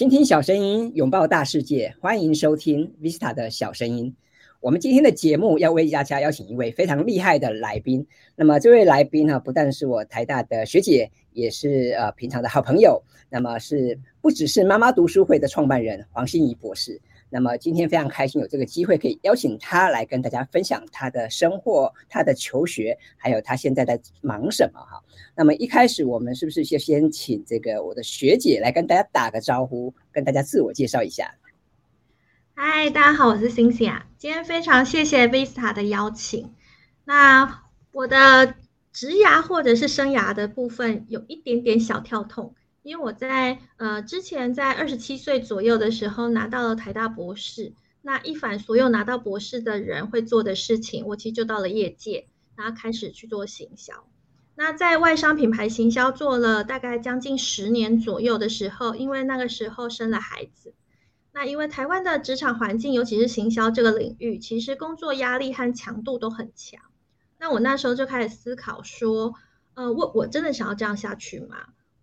傾聽小聲音，擁抱大世界，歡迎收聽 Vista 的小聲音。我們今天的節目要為大家邀請一位非常厲害的來賓。那麼，這位來賓呢，不但是我台大的學姐，也是呃平常的好朋友。那麼是不只是媽媽讀書會的創辦人黃馨儀博士。那麼今天非常開心有這個機會可以邀請她來跟大家分享她的生活、她的求學，還有她現在在忙什麼哈。那麼一開始我們是不是就先請這個我的學姐來跟大家打個招呼，跟大家自我介紹一下？嗨，大家好，我是馨儀啊。今天非常謝謝 Vista 的邀請。那我的職涯或者是生涯的部分有一點點小跳痛。因為我在呃之前在二十七歲左右的時候拿到了台大博士，那一反所有拿到博士的人會做的事情，我其實就到了業界，然後開始去做行銷。那在外商品牌行銷做了大概將近十年左右的時候，因為那個時候生了孩子，那因為台灣的職場環境，尤其是行銷這個領域，其實工作壓力和強度都很強。那我那時候就開始思考說，呃，我我真的想要這樣下去嗎？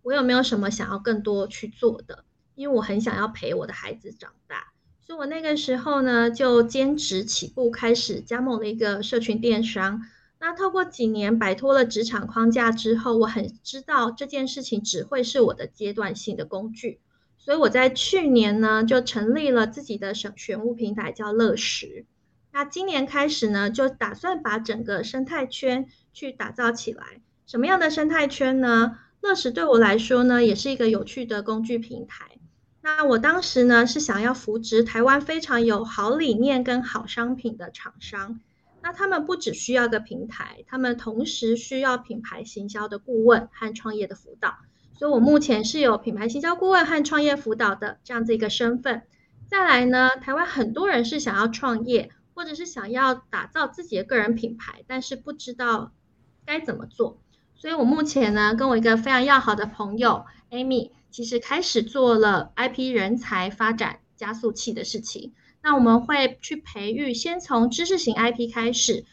我有沒有什麼想要更多去做的？因為我很想要陪我的孩子長大，所以我那個時候呢就兼職起步，開始加盟了一個社群電商。那透過幾年擺脫了職場框架之後，我很知道這件事情只會是我的階段性的工具，所以我在去年呢就成立了自己的選選物平台，叫樂溡。那今年開始呢就打算把整個生態圈去打造起來。什麼樣的生態圈呢？樂溡對我來說呢，也是一個有趣的工具平台。那我當時呢是想要扶植台灣非常有好理念跟好商品的廠商。那他們不只需要個平台，他們同時需要品牌行銷的顧問和創業的輔導。所以我目前是有品牌行銷顧問和創業輔導的這樣子一個身份。再來呢，台灣很多人是想要創業，或者是想要打造自己的個人品牌，但是不知道該怎麼做。所以，我目前呢，跟我一個非常要好的朋友 Amy，其實開始做了 IP 人才發展加速器的事情。那我們會去培育，先從知識型 IP 開始，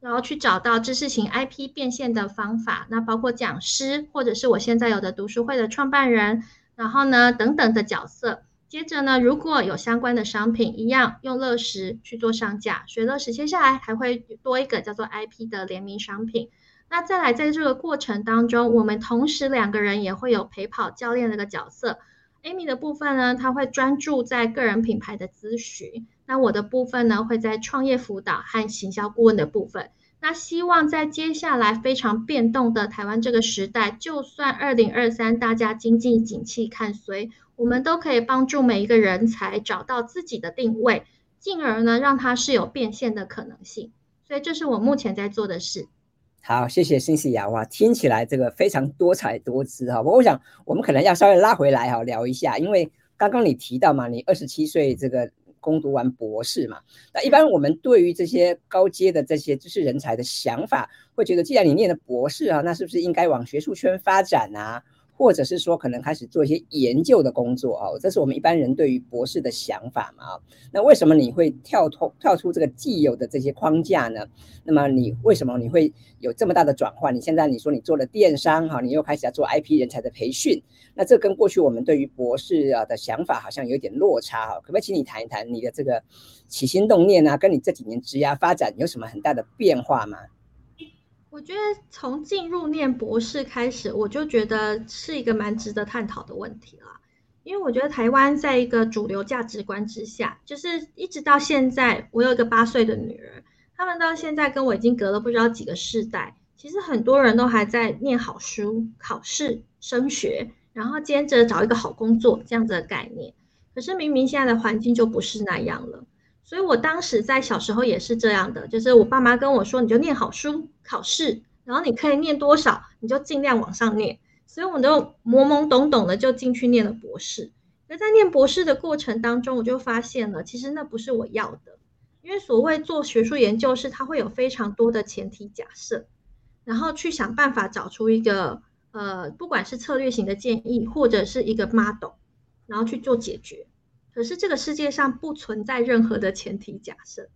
然後去找到知識型 IP 變現的方法。那包括講師，或者是我現在有的讀書會的創辦人，然後呢，等等的角色。接着呢，如果有相關的商品，一樣用樂溡去做上架。所以，樂溡接下來還會多一個叫做 IP 的聯名商品。那再來，在這個過程當中，我們同時兩個人也會有陪跑教練的一個角色。Amy 的部分呢，她會專注在個人品牌的諮詢；那我的部分呢，會在創業輔導和行銷顧問的部分。那希望在接下來非常變動的台灣這個時代，就算二零二三大家經濟景氣看衰，我們都可以幫助每一個人才找到自己的定位，進而呢，讓他是有變現的可能性。所以，這是我目前在做的事。好，謝謝馨儀哇！聽起來這個非常多彩多姿哈。我想，我們可能要稍微拉回來哈，聊一下，因為剛剛你提到嘛，你二十七歲這個攻讀完博士嘛，那一般我們對於這些高階的這些知識人才的想法，會覺得，既然你念了博士啊，那是不是應該往學術圈發展啊？或者是說，可能開始做一些研究的工作哦，這是我們一般人對於博士的想法嘛？那為什麼你會跳脫跳出這個既有的這些框架呢？那麼你為什麼你會有這麼大的轉換？你現在你說你做了電商哈，你又開始要做 IP 人才的培訓，那這跟過去我們對於博士啊的想法好像有點落差哈。可不可以請你談一談你的這個起心動念啊，跟你這幾年職業發展有什麼很大的變化嗎？我覺得從進入念博士開始，我就覺得是一個蠻值得探討的問題了，因為我覺得台灣在一個主流價值觀之下，就是一直到現在，我有一個八歲的女兒，他們到現在跟我已經隔了不知道幾個世代。其實很多人都還在念好書、考試、升學，然後接著找一個好工作這樣子的概念，可是明明現在的環境就不是那樣了。所以我當時在小時候也是這樣的，就是我爸媽跟我說，你就念好書，考試，然後你可以念多少，你就儘量往上念。所以我就懵懵懂懂的就進去念了博士。而在念博士的過程當中，我就發現了，其實那不是我要的，因為所謂做學術研究是它會有非常多的前提假設，然後去想辦法找出一個，呃，不管是策略型的建議或者是一個 model，然後去做解決。可是這個世界上不存在任何的前提假設，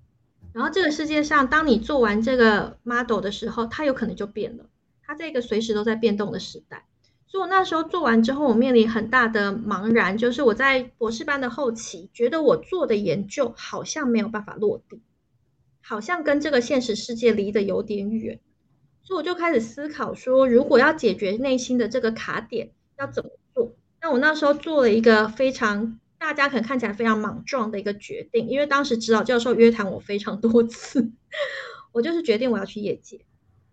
然後這個世界上，當你做完這個 model 的時候，它有可能就變了，它這個隨時都在變動的時代。所以我那時候做完之後，我面臨很大的茫然，就是我在博士班的後期，覺得我做的研究好像沒有辦法落地，好像跟這個現實世界離得有點遠，所以我就開始思考說，如果要解決內心的這個卡點，要怎麼做？那我那時候做了一個非常。大家可能看起來非常莽撞的一個決定，因為當時指導教授約談我非常多次，我就是決定我要去業界。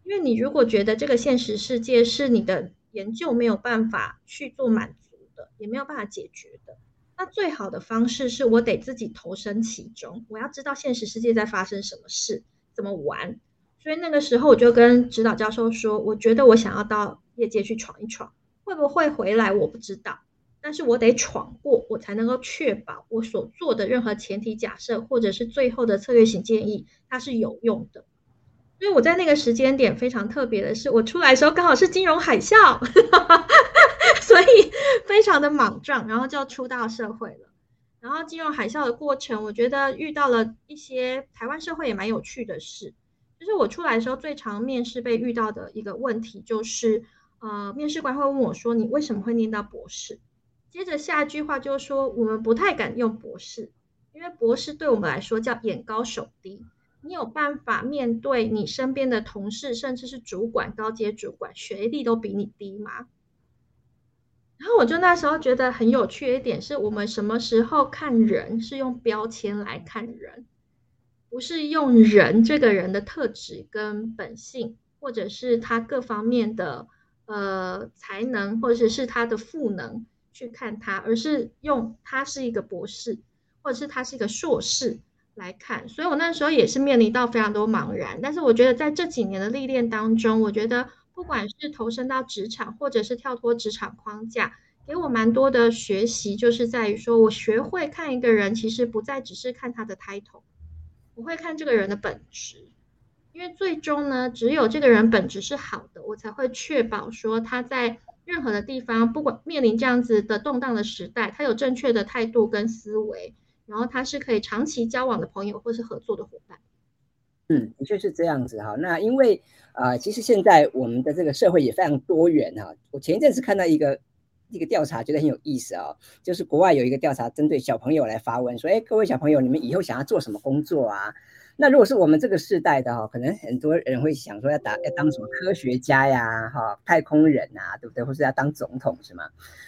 因為你如果覺得這個現實世界是你的研究沒有辦法去做滿足的，也沒有辦法解決的，那最好的方式是，我得自己投身其中。我要知道現實世界在發生什麼事，怎麼玩。所以那個時候我就跟指導教授說，我覺得我想要到業界去闖一闖，會不會回來我不知道。但是我得闖過，我才能夠確保我所做的任何前提假設，或者是最後的策略性建議，它是有用的。因為我在那個時間點非常特別的是，我出來的時候剛好是金融海嘯， 所以非常的莽撞，然後就要出到社會了。然後金融海嘯的過程，我覺得遇到了一些台灣社會也蠻有趣的事，就是我出來的時候最常面試被遇到的一個問題，就是呃，面試官會問我說，你為什麼會唸到博士？.接着下一句話就是說，我們不太敢用博士，因為博士對我們來說叫眼高手低。你有辦法面對你身邊的同事，甚至是主管、高階主管，學歷都比你低嗎？然後我就那時候覺得很有趣的一點是，我們什麼時候看人是用標籤來看人，不是用人這個人的特質跟本性，或者是他各方面的呃才能，或者是，是他的賦能。去看他，而是用他是一個博士，或者是他是一個碩士來看。所以，我那時候也是面臨到非常多茫然。但是，我覺得在這幾年的歷練當中，我覺得不管是投身到職場，或者是跳脫職場框架，給我蠻多的學習，就是在於說我學會看一個人，其實不再只是看他的 title，我會看這個人的本質。因為最終呢，只有這個人本質是好的，我才會確保說他在。任何的地方，不管面臨這樣子的動盪的時代，他有正確的態度跟思維，然後他是可以長期交往的朋友或是合作的夥伴。嗯，的確是這樣子哈。那因為啊、呃，其實現在我們的這個社會也非常多元哈。我前一陣子看到一個一個調查，覺得很有意思哦，就是國外有一個調查，針對小朋友來發問，說：欸，各位小朋友，你們以後想要做什麼工作啊？那如果是我們這個世代的哈、哦，可能很多人會想說要打要當什麼科學家呀，嗯、哈，太空人啊，對不對？或是要當總統是嗎？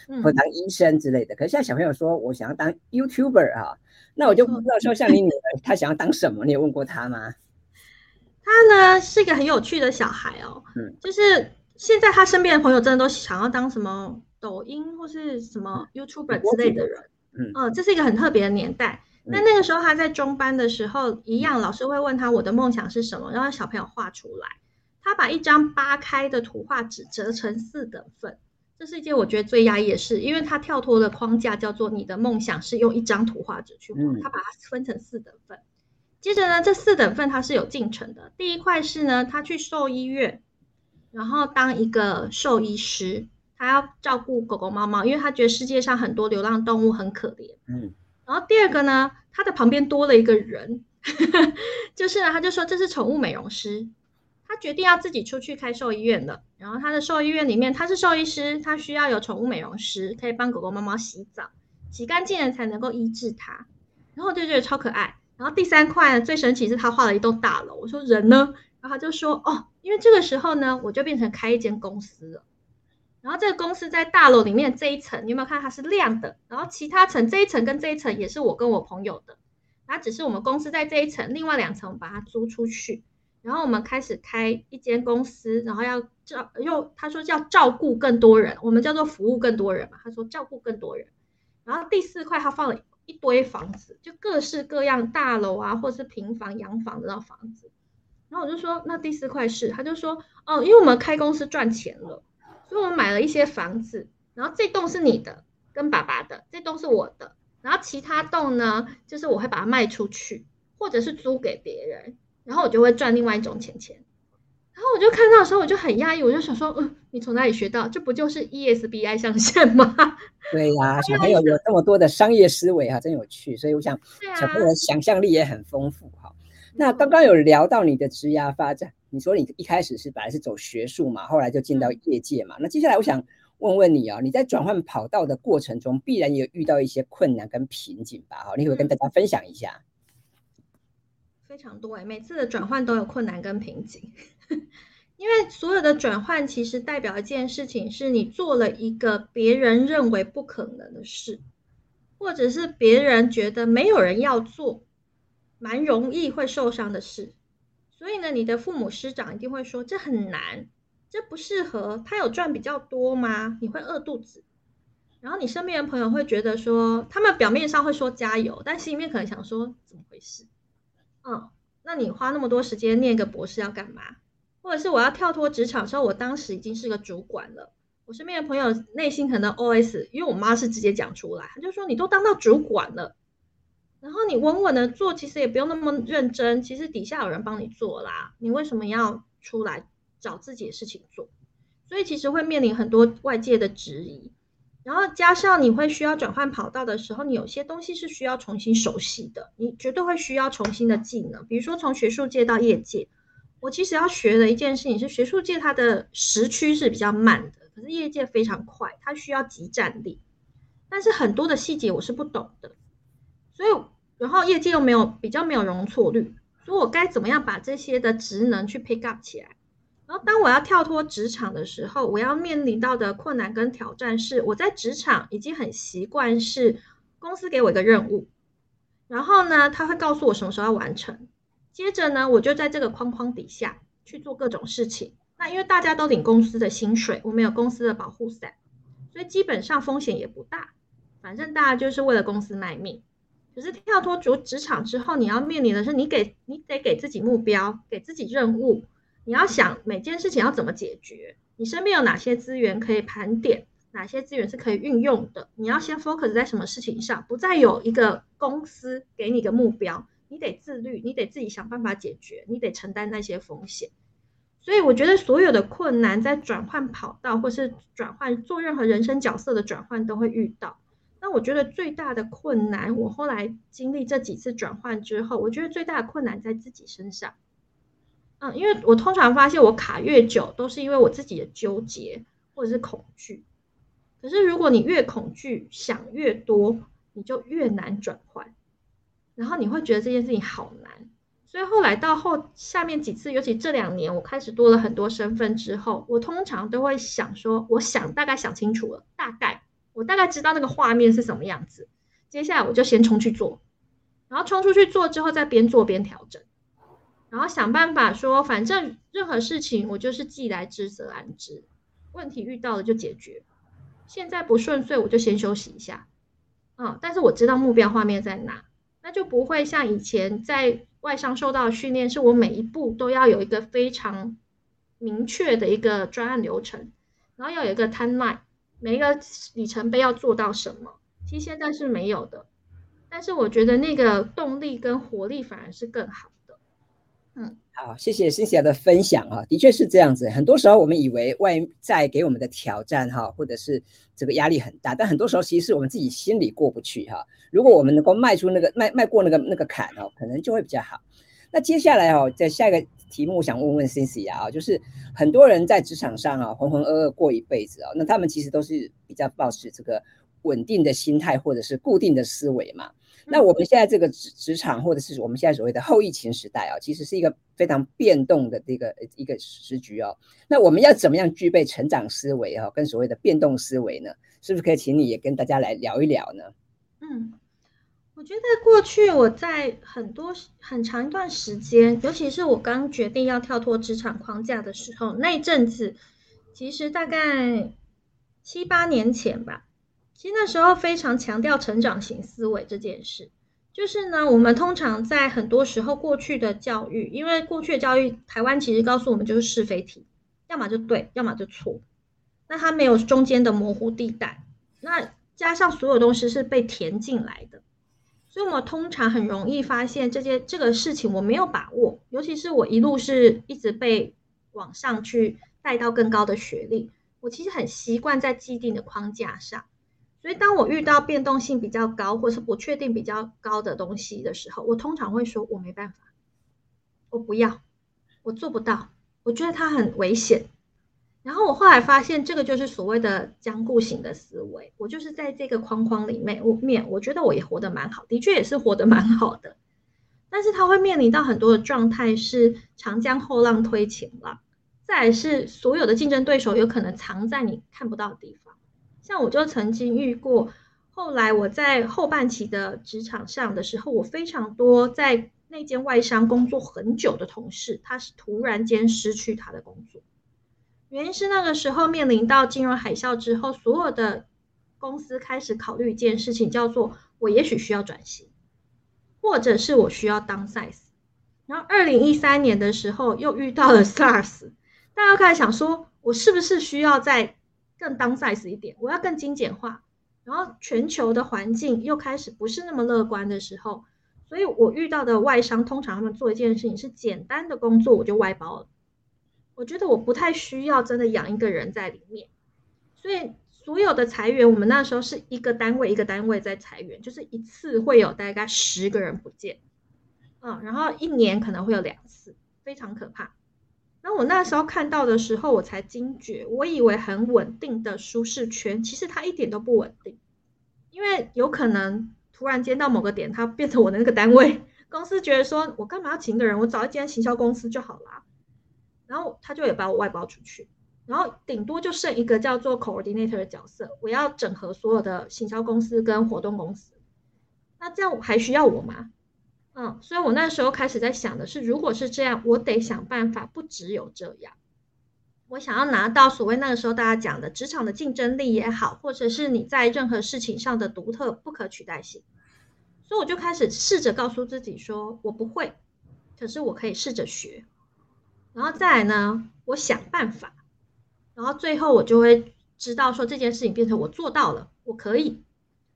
嗯、或當醫生之類的。可是現在小朋友說，我想要當 YouTuber 啊。沒錯，那我就不知道說像你女兒她、嗯、想要當什麼？你有問過她嗎？她呢是一個很有趣的小孩哦，嗯，就是現在她身邊的朋友真的都想要當什麼抖音或是什麼 YouTuber 之類的人，嗯，哦、呃，這是一個很特別的年代。那那個時候他在中班的時候，一樣老師會問他：“我的夢想是什麼？”讓小朋友畫出來，他把一張八開的圖畫紙折成四等份，這是一件我覺得最壓抑的事，因為他跳脫的框架叫做“你的夢想是用一張圖畫紙去畫”，他把它分成四等份。嗯、接着呢，這四等份它是有進程的。第一塊是呢，他去獸醫院，然後當一個獸醫師，他要照顧狗狗貓貓，因為他覺得世界上很多流浪動物很可憐。嗯。然後第二個呢，他的旁邊多了一個人呵呵，就是呢，他就說，這是寵物美容師，他決定要自己出去開獸醫院的。然後他的獸醫院裡面，他是獸醫師，他需要有寵物美容師可以幫狗狗、貓貓洗澡，洗乾淨了才能夠醫治它。然後就覺得超可愛。然後第三塊呢，最神奇是他畫了一棟大樓，我說人呢？然後他就說哦，因為這個時候呢，我就變成開一間公司了。然後這個公司在大樓裡面這一層，你有沒有看它是亮的？然後其他層這一層跟這一層也是我跟我朋友的，然後只是我們公司在這一層，另外兩層把它租出去。然後我們開始開一間公司，然後要照又他說叫照顧更多人，我們叫做服務更多人嘛。他說照顧更多人。然後第四塊他放了一堆房子，就各式各樣大樓啊，或是平房、洋房的那房子。然後我就說那第四塊是，他就說哦，因為我們開公司賺錢了。所以，我買了一些房子，然後這棟是你的，跟爸爸的；這棟是我的，然後其他棟呢，就是我會把它賣出去，或者是租給別人，然後我就會賺另外一種錢錢。然後我就看到的時候，我就很訝異，我就想說，嗯，你從哪裡學到？這不就是 ESBI 象限嗎？對呀、啊，對啊、小朋友有這麼多的商業思維啊，真有趣。所以，我想小朋友的想象力也很豐富哈。那剛剛有聊到你的職涯發展。你說你一開始是本來是走學術嘛，後來就進到業界嘛。嗯、那接下來我想問問你啊、哦，你在轉換跑道的過程中，必然有遇到一些困難跟瓶頸吧？好，你可以跟大家分享一下。非常多哎，每次的轉換都有困難跟瓶頸， 因為所有的轉換其實代表一件事情，是你做了一個別人認為不可能的事，或者是別人覺得沒有人要做，蠻容易會受傷的事。所以呢，你的父母師長一定會說，這很難，這不適合。他有賺比較多嗎？你會餓肚子。然後你身邊的朋友會覺得說，他們表面上會說加油，但心裡面可能想說，怎麼回事？嗯，那你花那麼多時間念個博士要幹嘛？或者是我要跳脫職場，說我當時已經是個主管了。我身邊的朋友內心可能 OS，因為我媽是直接講出來，她就說你都當到主管了。然後你穩穩的做，其實也不用那麼認真，其實底下有人幫你做啦，你為什麼要出來找自己的事情做？所以其實會面臨很多外界的質疑，然後加上你會需要轉換跑道的時候，你有些東西是需要重新熟悉的，你絕對會需要重新的技能，比如說從學術界到業界，我其實要學的一件事情是學術界它的時區是比較慢的，可是業界非常快，它需要即戰力，但是很多的細節我是不懂的，所以。然後業績又沒有比較沒有容錯率，所以我該怎麼樣把這些的職能去 pick up 起來？然後當我要跳脫職場的時候，我要面臨到的困難跟挑戰是，我在職場已經很習慣是公司給我一個任務，然後呢他會告訴我什麼時候要完成，接着呢我就在這個框框底下去做各種事情。那因為大家都領公司的薪水，我們有公司的保護傘，所以基本上風險也不大，反正大家就是為了公司賣命。可是跳脫出職場之後，你要面臨的是，你給你得給自己目標，給自己任務，你要想每件事情要怎麼解決，你身邊有哪些資源可以盤點，哪些資源是可以運用的，你要先 focus 在什麼事情上，不再有一個公司給你個目標，你得自律，你得自己想辦法解決，你得承擔那些風險。所以我覺得所有的困難在轉換跑道或是轉換做任何人生角色的轉換都會遇到。那我覺得最大的困難，我後來經歷這幾次轉換之後，我覺得最大的困難在自己身上。嗯，因為我通常發現我卡越久，都是因為我自己的糾結或者是恐懼。可是如果你越恐懼，想越多，你就越難轉換，然後你會覺得這件事情好難。所以後來到後下面幾次，尤其這兩年，我開始多了很多身份之後，我通常都會想說，我想大概想清楚了，大概。我大概知道那個畫面是什麼樣子，接下來我就先衝去做，然後衝出去做之後再邊做邊調整，然後想辦法說，反正任何事情我就是既來之則安之，問題遇到了就解決，現在不順遂我就先休息一下，嗯、哦，但是我知道目標畫面在哪，那就不會像以前在外商受到的訓練，是我每一步都要有一個非常明確的一個專案流程，然後要有一個 timeline。每一個里程碑要做到什麼？其實現在是沒有的，但是我覺得那個動力跟活力反而是更好的。嗯，好，謝謝馨儀的分享哈、啊，的確是這樣子。很多時候我們以為外在給我們的挑戰哈、啊，或者是這個壓力很大，但很多時候其實是我們自己心裡過不去哈、啊。如果我們能夠邁出那個邁邁過那個那個坎哦、啊，可能就會比較好。那接下來哦、啊，在下一個。題目想問問 Cynthia 啊，就是很多人在職場上啊渾渾噩噩過一輩子啊，那他們其實都是比較保持這個穩定的心態或者是固定的思維嘛。那我們現在這個職職場或者是我們現在所謂的後疫情時代啊，其實是一個非常變動的這個一個時局哦、啊。那我們要怎麼樣具備成長思維啊，跟所謂的變動思維呢？是不是可以請你也跟大家來聊一聊呢？嗯。我覺得過去我在很多很長一段時間，尤其是我剛決定要跳脫職場框架的時候，那陣子其實大概七八年前吧。其實那時候非常強調成長型思維這件事，就是呢，我們通常在很多時候過去的教育，因為過去的教育，台灣其實告訴我們就是是非題，要麼就對，要麼就錯，那它沒有中間的模糊地帶，那加上所有東西是被填進來的。所以我通常很容易發現這些這個事情我沒有把握，尤其是我一路是一直被往上去帶到更高的學歷，我其實很習慣在既定的框架上。所以當我遇到變動性比較高或是不確定比較高的東西的時候，我通常會說：我沒辦法，我不要，我做不到，我覺得它很危險。然後我後來發現，這個就是所謂的僵固型的思維。我就是在這個框框裡面，我面我覺得我也活得蠻好的，的確也是活得蠻好的。但是他會面臨到很多的狀態是長江後浪推前浪，再來是所有的競爭對手有可能藏在你看不到的地方。像我就曾經遇過，後來我在後半期的職場上的時候，我非常多在那間外商工作很久的同事，他是突然間失去他的工作。原因是那個時候面臨到金融海嘯之後，所有的公司開始考慮一件事情，叫做我也許需要轉型，或者是我需要 downsize。然後二零一三年的時候又遇到了 SARS， 大家開始想說，我是不是需要再更 downsize 一點？我要更精簡化。然後全球的環境又開始不是那麼樂觀的時候，所以我遇到的外商通常他們做一件事情是簡單的工作我就外包了。我覺得我不太需要真的養一個人在裡面，所以所有的裁員，我們那時候是一個單位一個單位在裁員，就是一次會有大概十個人不見，嗯，然後一年可能會有兩次，非常可怕。那我那時候看到的時候，我才驚覺，我以為很穩定的舒適圈，其實它一點都不穩定，因為有可能突然間到某個點，它變成我的那個單位，公司覺得說，我幹嘛要請個人，我找一間行銷公司就好了。然後他就也把我外包出去，然後頂多就剩一個叫做 coordinator 的角色，我要整合所有的行銷公司跟活動公司，那這樣還需要我嗎？嗯，所以，我那時候開始在想的是，如果是這樣，我得想辦法不只有這樣，我想要拿到所謂那個時候大家講的職場的競爭力也好，或者是你在任何事情上的獨特不可取代性，所以我就開始試着告訴自己說，我不會，可是我可以試着學。然後再來呢，我想辦法，然後最後我就會知道說這件事情變成我做到了，我可以，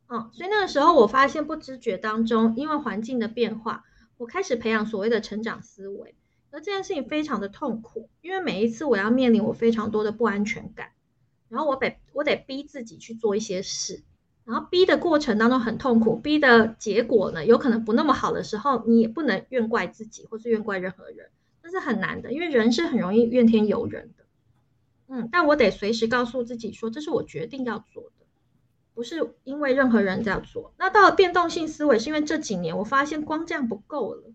嗯，所以那個時候我發現不知覺當中，因為環境的變化，我開始培養所謂的成長思維。而這件事情非常的痛苦，因為每一次我要面臨我非常多的不安全感，然後我得我得逼自己去做一些事，然後逼的過程當中很痛苦，逼的結果呢，有可能不那麼好的時候，你也不能怨怪自己或是怨怪任何人。是很難的，因為人是很容易怨天尤人的。嗯，但我得隨時告訴自己說，這是我決定要做的，不是因為任何人這樣做。那到了變動性思維，是因為這幾年我發現光這樣不夠了，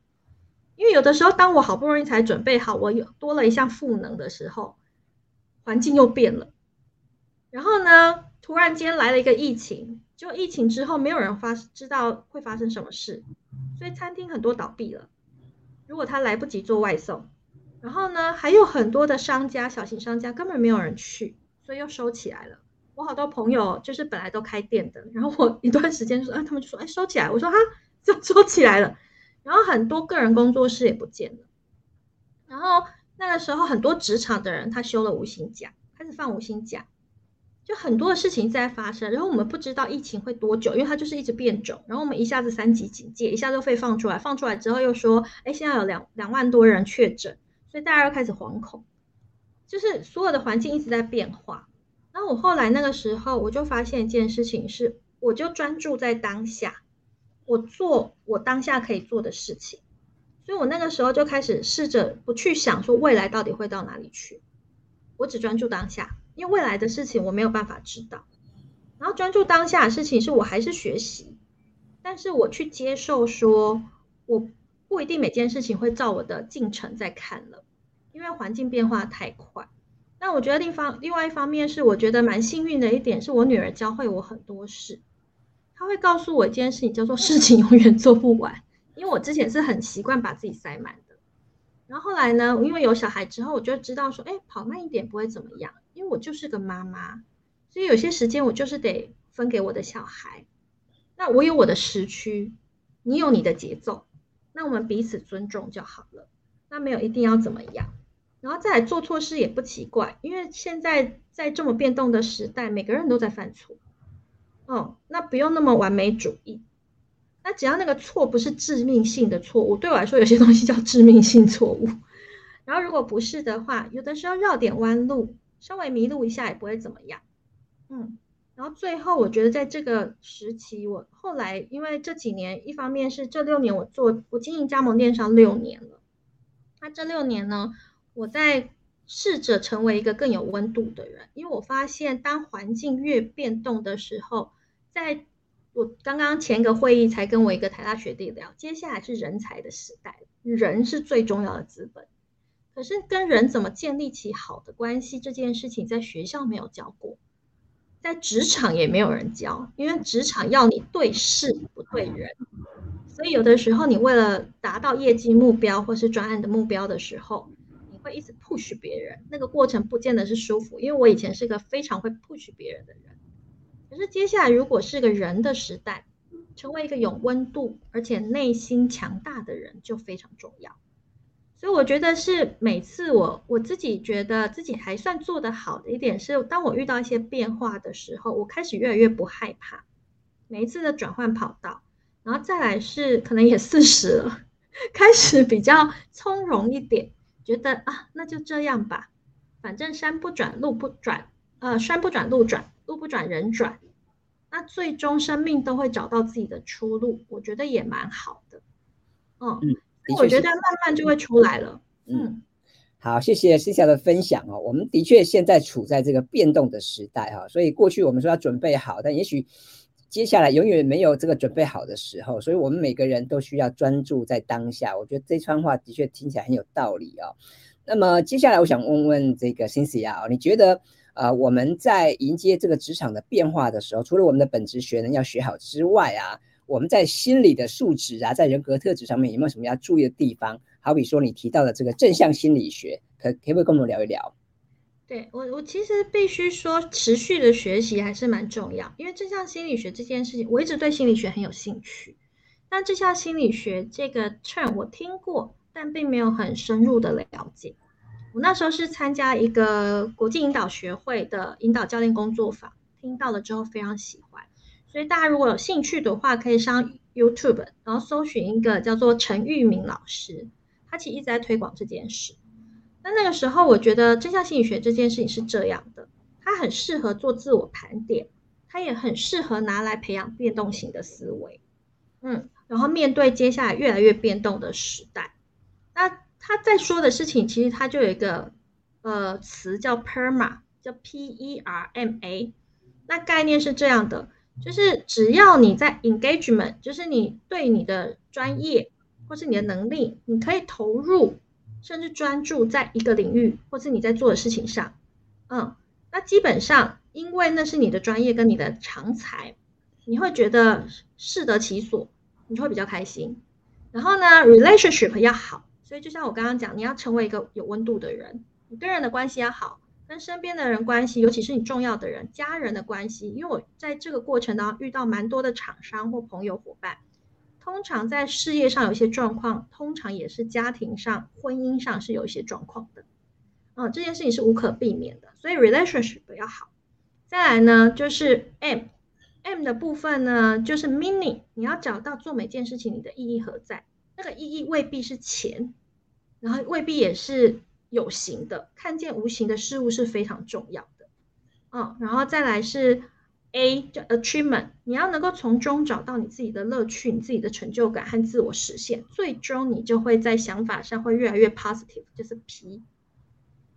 因為有的時候當我好不容易才準備好，我有多了一項賦能的時候，環境又變了。然後呢，突然間來了一個疫情，就疫情之後沒有人發知道會發生什麼事，所以餐廳很多倒閉了。如果他來不及做外送，然後呢，還有很多的商家，小型商家根本沒有人去，所以又收起來了，我好多朋友就是本來都開店的，然後我一段時間就說，啊，他們就說，哎，收起來，我說哈，就收起來了。然後很多個人工作室也不見了。然後那個時候，很多職場的人他休了無薪假，開始放無薪假。就很多的事情在發生，然後我們不知道疫情會多久，因為它就是一直變種，然後我們一下子三級警戒，一下就被放出來，放出來之後又說，哎，現在有兩兩萬多人確診，所以大家又開始惶恐，就是所有的環境一直在變化。然後我後來那個時候，我就發現一件事情是，我就專注在當下，我做我當下可以做的事情，所以我那個時候就開始試着不去想說未來到底會到哪裡去，我只專注當下。因為未來的事情我沒有辦法知道，然後專注當下的事情是我還是學習，但是我去接受說我不一定每件事情會照我的進程在看了，因為環境變化太快。那我覺得另方，另外一方面是我覺得蠻幸運的一點，是我女兒教會我很多事，她會告訴我一件事情叫做事情永遠做不完，因為我之前是很習慣把自己塞滿的，然後後來呢，因為有小孩之後，我就知道說，哎，跑慢一點不會怎麼樣。因為我就是個媽媽，所以有些時間我就是得分給我的小孩。那我有我的時區，你有你的節奏，那我們彼此尊重就好了。那沒有一定要怎麼樣，然後再來做錯事也不奇怪。因為現在在這麼變動的時代，每個人都在犯錯。哦，那不用那麼完美主義。那只要那個錯不是致命性的錯誤，對我來說有些東西叫致命性錯誤。然後如果不是的話，有的時候繞點彎路。稍微迷路一下也不會怎麼樣，嗯，然後最後我覺得在這個時期，我後來因為這幾年，一方面是這六年我做我經營加盟店上六年了，那、啊、這六年呢，我在試着成為一個更有溫度的人，因為我發現當環境越變動的時候，在我剛剛前一個會議才跟我一個台大學弟聊，接下來是人才的時代，人是最重要的資本。可是跟人怎麼建立起好的關係這件事情，在學校沒有教過，在職場也沒有人教，因為職場要你對事不對人，所以有的時候你為了達到業績目標或是專案的目標的時候，你會一直 push 別人，那個過程不見得是舒服。因為我以前是個非常會 push 別人的人，可是接下來如果是個人的時代，成為一個有溫度而且內心強大的人就非常重要。因為我覺得是每次我我自己覺得自己還算做得好的一點是，當我遇到一些變化的時候，我開始越來越不害怕每一次的轉換跑道，然後再來是可能也四十了，開始比較從容一點，覺得啊那就這樣吧，反正山不轉路不轉，呃山不轉路轉，路不轉人轉，那最終生命都會找到自己的出路，我覺得也蠻好的，嗯。嗯我覺得這樣慢慢就會出來了。嗯，好，謝謝 Cynthia 的分享啊、哦。我們的確現在處在這個變動的時代哈、哦，所以過去我們說要準備好，但也許接下來永遠沒有這個準備好的時候，所以我們每個人都需要專注在當下。我覺得這串話的確聽起來很有道理、哦、那麼接下來我想問問這個 Cynthia 啊、哦，你覺得呃我們在迎接這個職場的變化的時候，除了我們的本職學能要學好之外啊，我們在心理的素質啊，在人格特質上面有沒有什麼要注意的地方？好比說你提到的這個正向心理學，可可不可以跟我們聊一聊？對我，我其實必須說，持續的學習還是蠻重要。因為正向心理學這件事情，我一直對心理學很有興趣。但正向心理學這個 term 我聽過，但並沒有很深入的了解。我那時候是參加一個國際引導學會的引導教練工作坊，聽到了之後非常喜歡。所以大家如果有興趣的話，可以上 YouTube，然後搜尋一個叫做陳玉明老師，他其實一直在推廣這件事。那那個時候，我覺得正向心理學這件事情是這樣的，它很適合做自我盤點，它也很適合拿來培養變動型的思維。嗯，然後面對接下來越來越變動的時代，那他在說的事情，其實他就有一個呃詞叫 PERMA，叫 P-E-R-M-A，那概念是這樣的。就是只要你在 engagement，就是你對你的專業或是你的能力，你可以投入甚至專注在一個領域或是你在做的事情上，嗯，那基本上因為那是你的專業跟你的長才，你會覺得適得其所，你就會比較開心。然後呢，relationship 要好，所以就像我剛剛講，你要成為一個有溫度的人，你跟人的關係要好。跟身邊的人關係，尤其是你重要的人、家人的關係，因為我在這個過程當中遇到蠻多的廠商或朋友夥伴，通常在事業上有些狀況，通常也是家庭上、婚姻上是有一些狀況的，嗯，這件事情是無可避免的，所以 relationship 要好。再來呢，就是 M，M 的部分呢，就是 meaning，你要找到做每件事情你的意義何在，那個意義未必是錢，然後未必也是。有形的看見無形的事物是非常重要的，嗯、哦，然後再來是 A 叫 achievement，你要能夠從中找到你自己的樂趣、你自己的成就感和自我實現，最終你就會在想法上會越來越 positive，就是 P。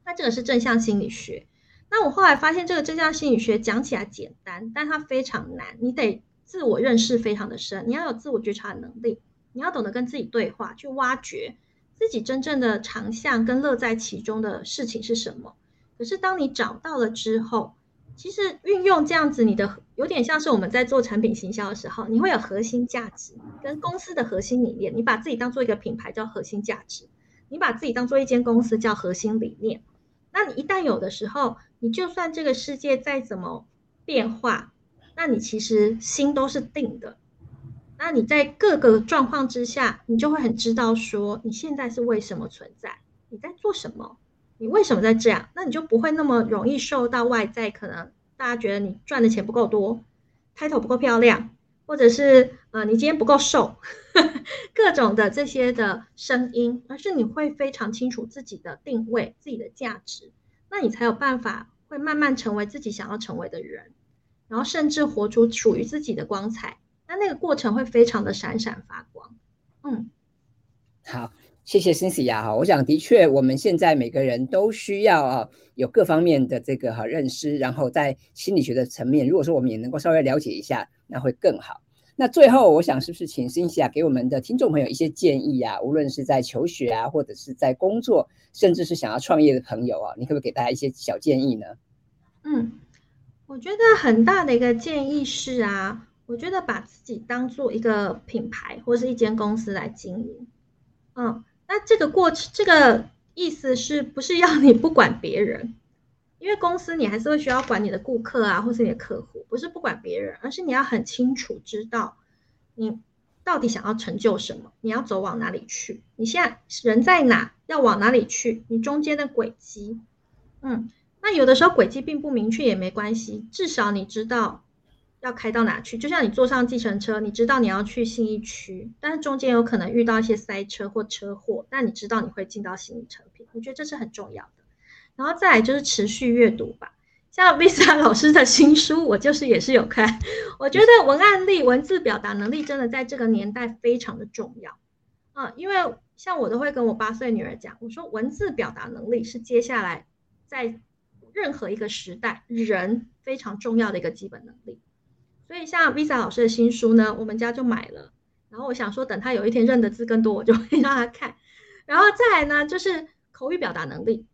那這個是正向心理學。那我後來發現，這個正向心理學講起來簡單，但它非常難，你得自我認識非常的深，你要有自我覺察的能力，你要懂得跟自己對話，去挖掘。自己真正的長項跟樂在其中的事情是什麼？可是當你找到了之後，其實運用這樣子，你的有點像是我們在做產品行銷的時候，你會有核心價值跟公司的核心理念。你把自己當做一個品牌叫核心價值，你把自己當做一間公司叫核心理念。那你一旦有的時候，你就算這個世界再怎麼變化，那你其實心都是定的。那你在各個狀況之下，你就會很知道說你現在是為什麼存在，你在做什麼，你為什麼在這樣，那你就不會那麼容易受到外在可能大家覺得你賺的錢不夠多，抬頭不夠漂亮，或者是呃你今天不夠瘦，各種的這些的聲音，而是你會非常清楚自己的定位、自己的價值，那你才有辦法會慢慢成為自己想要成為的人，然後甚至活出屬於自己的光彩。那那個過程會非常的閃閃發光，嗯，好，謝謝 Cynthia 哈。我想的確，我們現在每個人都需要啊，有各方面的這個哈、啊、認識，然後在心理學的層面，如果說我們也能夠稍微了解一下，那會更好。那最後，我想是不是請 Cynthia 給我們的聽眾朋友一些建議啊？無論是在求學啊，或者是在工作，甚至是想要創業的朋友啊，你可不可以給大家一些小建議呢？嗯，我覺得很大的一個建議是啊。我覺得把自己當做一個品牌或是一間公司來經營。嗯，那這個過程，這個意思是不是要你不管別人？因為公司你還是會需要管你的顧客啊，或是你的客戶。不是不管別人，而是你要很清楚知道你到底想要成就什麼，你要走往哪裡去，你現在人在哪，要往哪裡去，你中間的軌跡，嗯，那有的時候軌跡並不明確也沒關係，至少你知道，要開到哪去？就像你坐上計程車，你知道你要去信義區，但是中間有可能遇到一些塞車或車禍，但你知道你會進到信義誠品。我覺得這是很重要的。然後再來就是持續閱讀吧，像 Vista 老師的新書，我就是也是有看。我覺得文案力、文字表達能力真的在這個年代非常的重要啊、嗯，因為像我都會跟我八歲女兒講，我說文字表達能力是接下來在任何一個時代人非常重要的一個基本能力。所以像 Vista 老師的新書呢，我們家就買了。然後我想說，等他有一天認的字更多，我就會讓他看。然後再來呢，就是口語表達能力，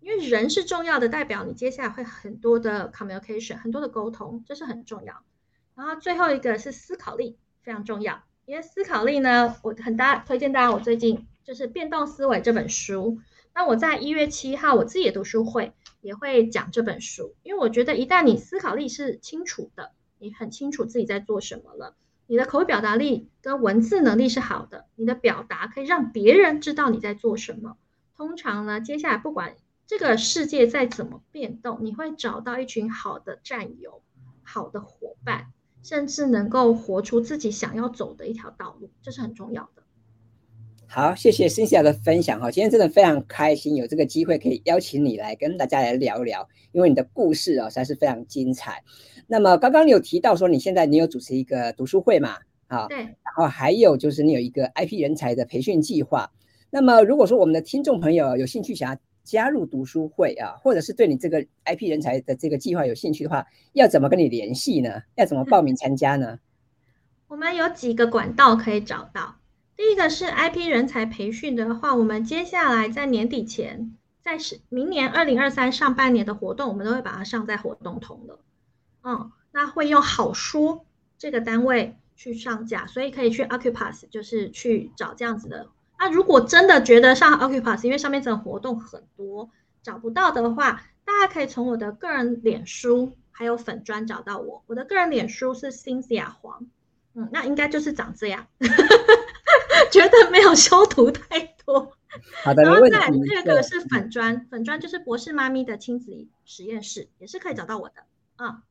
因為人是重要的，代表你接下來會很多的 communication，很多的溝通，這是很重要。然後最後一個是思考力，非常重要。因為思考力呢，我很大推薦大家，我最近就是《變動思維》這本書。那我在一月七號我自己也讀書會也會講這本書，因為我覺得一旦你思考力是清楚的。你很清楚自己在做什麼了，你的口語表達力跟文字能力是好的，你的表達可以讓別人知道你在做什麼。通常呢，接下來不管這個世界再怎麼變動，你會找到一群好的戰友、好的夥伴，甚至能夠活出自己想要走的一條道路，這是很重要的。好，謝謝 Cynthia 的分享哈，今天真的非常開心，有這個機會可以邀請你來跟大家來聊一聊，因為你的故事啊，實在是非常精彩。那麼剛剛你有提到說你現在你有主持一個讀書會嘛？啊，對。然後還有就是你有一個 IP 人才的培訓計劃。那麼如果說我們的聽眾朋友有興趣想要加入讀書會啊，或者是對你這個 IP 人才的這個計劃有興趣的話，要怎麼跟你聯繫呢？要怎麼報名參加呢？我們有幾個管道可以找到。第一個是 IP 人才培訓的話，我們接下來在年底前，在是明年二零二三上半年的活動，我們都會把它上在活動通了。嗯，那會用好說這個單位去上架，所以可以去 Accupass 就是去找這樣子的。那、啊、如果真的覺得上 Accupass 因為上面的活動很多，找不到的話，大家可以從我的個人臉書還有粉專找到我。我的個人臉書是 Cynthia 黃，嗯，那應該就是長這樣。 覺得沒有消毒太多，好的，然後再來這個是粉磚，對粉磚就是博士媽咪的親子實驗室，也是可以找到我的啊。嗯、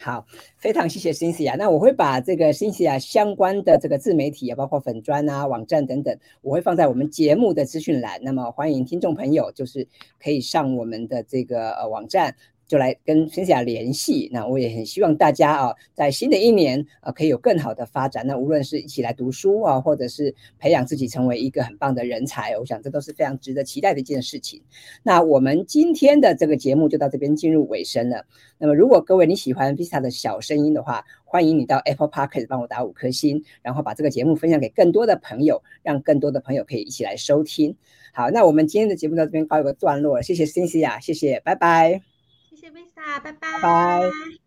好，非常謝謝 Cynthia，那我會把這個 Cynthia 相關的這個自媒體啊，包括粉磚啊、網站等等，我會放在我們節目的資訊欄。那麼，歡迎聽眾朋友，就是可以上我們的這個網站。就來跟 Cynthia 聯繫。那我也很希望大家啊、哦，在新的一年啊，可以有更好的發展。那無論是一起來讀書啊，或者是培養自己成為一個很棒的人才，我想這都是非常值得期待的一件事情。那我們今天的這個節目就到這邊進入尾聲了。那麼，如果各位你喜歡 Vista 的小聲音的話，歡迎你到 Apple Podcast 幫我打五顆星，然後把這個節目分享給更多的朋友，讓更多的朋友可以一起來收聽。好，那我們今天的節目到這邊告一個段落了。謝謝 Cynthia，謝謝，拜拜。謝謝 Vista，拜拜。Bye.